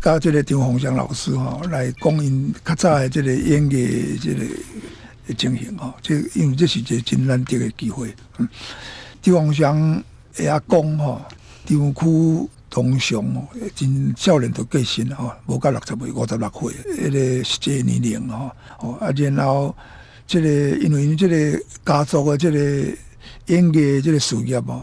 加這個張鳳翔老師吼、哦，來供應較早的這個演嘅這個情形吼、哦，即因為這是一個真難得嘅機會。張鳳翔阿公吼，地、啊、區同鄉哦、啊，真少年都過身吼，無、啊、到六十歲五十六歲，一、那個年齡吼，哦啊然後這個因為這個家族的這個演嘅這個事業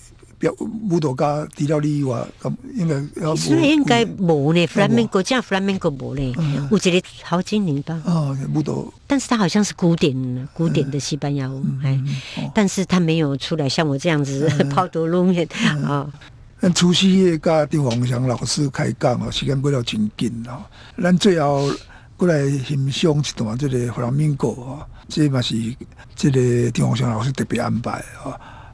有舞蹈家聽了你話，咁應該要。應該冇咧，佛朗明哥真佛朗明哥冇咧，我覺得好精靈吧、嗯嗯嗯。但是他好像是古典古典的西班牙舞、嗯嗯哦，但是他沒有出來像我這樣子拋頭、嗯、 露面啊。咱除夕夜跟張鳳翔老師開講啊，時間過了真緊啊。咱最後過來欣賞一段這個佛朗明哥啊，這嘛是這個張鳳翔老師特別安排啊。哦